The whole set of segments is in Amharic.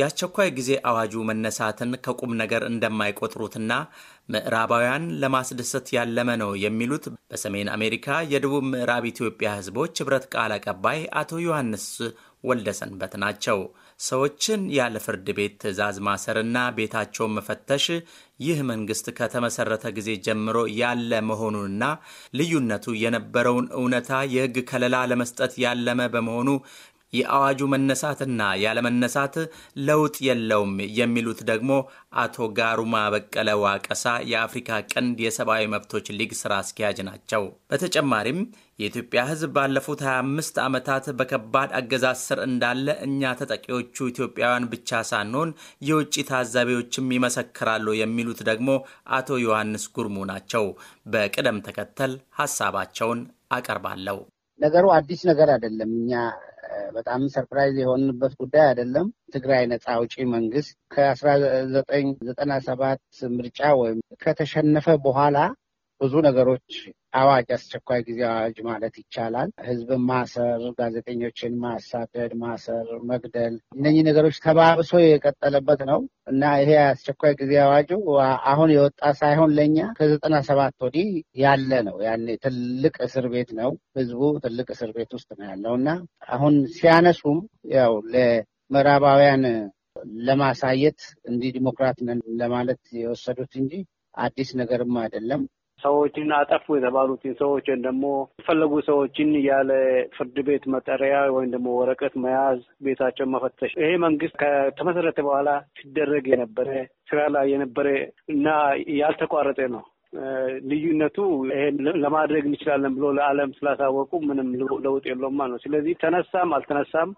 የአስቸኳይ ጊዜ አዋጁ መነሳትን ከቁም ነገር እንደማይቆጥሩትና ምዕራባውያን ለማስደሰት ያለመ ነው የሚሉት በሰሜን አሜሪካ የደቡብ ምዕራብ ኢትዮጵያ ሕዝቦች ኅብረት ቃል አቀባይ አቶ ዮሐንስ ወልደሰንበት ናቸው። ሰዎችን ያለ ፍርድ ቤት ትዕዛዝ ማሰርና ቤታቸውን መፈተሽ ይህ መንግስት ከተመሰረተ ጊዜ ጀምሮ ያለ መሆኑንና ልዩነቱ የነበረውን እውነታ የሕግ ከለላ ለመስጠት ያለመ በመሆኑ የአዋጁ መነሳትና ያለመነሳት ለውጥ የለውም የሚሉት ደግሞ አቶ ጋሩማ በቀለ ዋቀሳ የአፍሪካ ቀንድ የሰብአዊ መብቶች ሊግ ስራ አስኪያጅ ናቸው። በተጨማሪም የኢትዮጵያ ሕዝብ ባለፉት 25 ዓመታት በከባድ አገዛዝ ስር እንዳለ እኛ ተጠቂዎቹ ኢትዮጵያውያን ብቻ ሳንሆን የውጭ ታዛቢዎችም ይመሰክራሉ የሚሉት ደግሞ አቶ ዮሐንስ ጉርሙ ናቸው። በቅደም ተከተል ሀሳባቸውን አቀርባለሁ። ነገሩ አዲስ ነገር አይደለም። እኛ በጣም ሰርፕራይዝ የሆንበት ጉዳይ አይደለም። ትግራይ ነጻ አውጪ መንግስት ከአስራ ዘጠኝ ዘጠና ሰባት ምርጫ ወይም ከተሸነፈ በኋላ ብዙ ነገሮች አዋጅ አስቸኳይ ጊዜ አዋጅ ማለት ይቻላል። ህዝብን ማሰር፣ ጋዜጠኞችን ማሳደድ፣ ማሰር፣ መግደል እነኚህ ነገሮች ተባብሶ የቀጠለበት ነው እና ይሄ አስቸኳይ ጊዜ አዋጁ አሁን የወጣ ሳይሆን ለእኛ ከዘጠና ሰባት ወዲህ ያለ ነው። ያኔ ትልቅ እስር ቤት ነው፣ ህዝቡ ትልቅ እስር ቤት ውስጥ ነው ያለው እና አሁን ሲያነሱም ያው ለምዕራባውያን ለማሳየት እንዲህ ዲሞክራት ነን ለማለት የወሰዱት እንጂ አዲስ ነገርም አይደለም። ሰዎችን አጠፉ የተባሉትን ሰዎችን ደግሞ የፈለጉ ሰዎችን ያለ ፍርድ ቤት መጠሪያ ወይም ደግሞ ወረቀት መያዝ፣ ቤታቸውን መፈተሽ ይሄ መንግስት ከተመሰረተ በኋላ ሲደረግ የነበረ ስራ ላይ የነበረ እና ያልተቋረጠ ነው። ልዩነቱ ይሄን ለማድረግ እንችላለን ብሎ ለዓለም ስላሳወቁ ምንም ለውጥ የለውም ማለት ነው። ስለዚህ ተነሳም አልተነሳም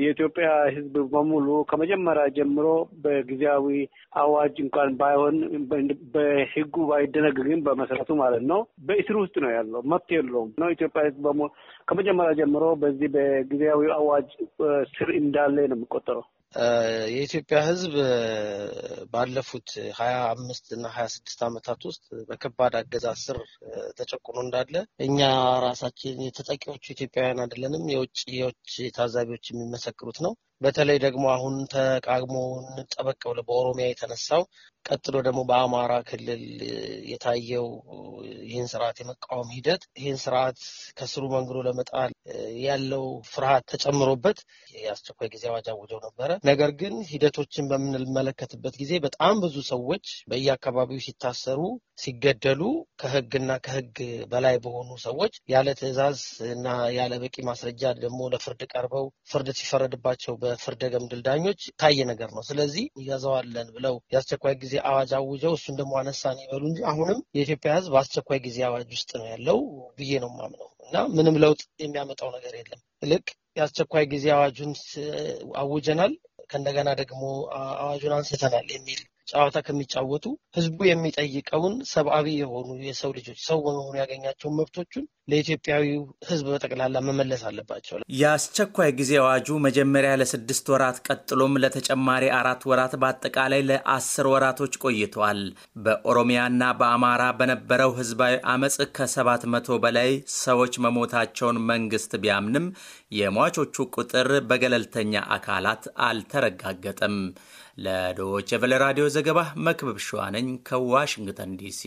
የኢትዮጵያ ሕዝብ በሙሉ ከመጀመሪያ ጀምሮ በጊዜያዊ አዋጅ እንኳን ባይሆን በሕጉ ባይደነግግም በመሰረቱ ማለት ነው በእስር ውስጥ ነው ያለው። መብት የለውም ነው ኢትዮጵያ ሕዝብ በሙሉ ከመጀመሪያ ጀምሮ በዚህ በጊዜያዊ አዋጅ ስር እንዳለ ነው የሚቆጠረው። የኢትዮጵያ ሕዝብ ባለፉት ሀያ አምስት እና ሀያ ስድስት ዓመታት ውስጥ በከባድ አገዛዝ ስር ተጨቁኖ እንዳለ እኛ ራሳችን የተጠቂዎቹ ኢትዮጵያውያን አይደለንም፣ የውጭ ታዛቢዎች የሚመሰክሩት ነው። በተለይ ደግሞ አሁን ተቃግሞ ጠበቅ ብሎ በኦሮሚያ የተነሳው ቀጥሎ ደግሞ በአማራ ክልል የታየው ይህን ስርዓት የመቃወም ሂደት ይህን ስርዓት ከስሩ መንግዶ ለመጣል ያለው ፍርሃት ተጨምሮበት የአስቸኳይ ጊዜ አዋጅ አውጀው ነበረ። ነገር ግን ሂደቶችን በምንመለከትበት ጊዜ በጣም ብዙ ሰዎች በየአካባቢው ሲታሰሩ ሲገደሉ ከህግና ከህግ በላይ በሆኑ ሰዎች ያለ ትዕዛዝ እና ያለ በቂ ማስረጃ ደግሞ ለፍርድ ቀርበው ፍርድ ሲፈረድባቸው በፍርደ ገምድል ዳኞች ታየ ነገር ነው። ስለዚህ እያዘዋለን ብለው የአስቸኳይ ጊዜ አዋጅ አውጀው እሱን ደግሞ አነሳን ይበሉ እንጂ አሁንም የኢትዮጵያ ህዝብ በአስቸኳይ ጊዜ አዋጅ ውስጥ ነው ያለው ብዬ ነው ማምነው እና ምንም ለውጥ የሚያመጣው ነገር የለም። ልክ የአስቸኳይ ጊዜ አዋጁን አውጀናል ከእንደገና ደግሞ አዋጁን አንስተናል የሚል ጨዋታ ከሚጫወቱ ህዝቡ የሚጠይቀውን ሰብአዊ የሆኑ የሰው ልጆች ሰው በመሆኑ ያገኛቸውን መብቶቹን ለኢትዮጵያዊው ህዝብ በጠቅላላ መመለስ አለባቸው። የአስቸኳይ ጊዜ አዋጁ መጀመሪያ ለስድስት ወራት ቀጥሎም ለተጨማሪ አራት ወራት በአጠቃላይ ለአስር ወራቶች ቆይተዋል። በኦሮሚያና በአማራ በነበረው ህዝባዊ አመፅ ከሰባት መቶ በላይ ሰዎች መሞታቸውን መንግስት ቢያምንም የሟቾቹ ቁጥር በገለልተኛ አካላት አልተረጋገጠም። ለዶይቼ ቬለ ራዲዮ ዘገባ መክብብ ሸዋነኝ ከዋሽንግተን ዲሲ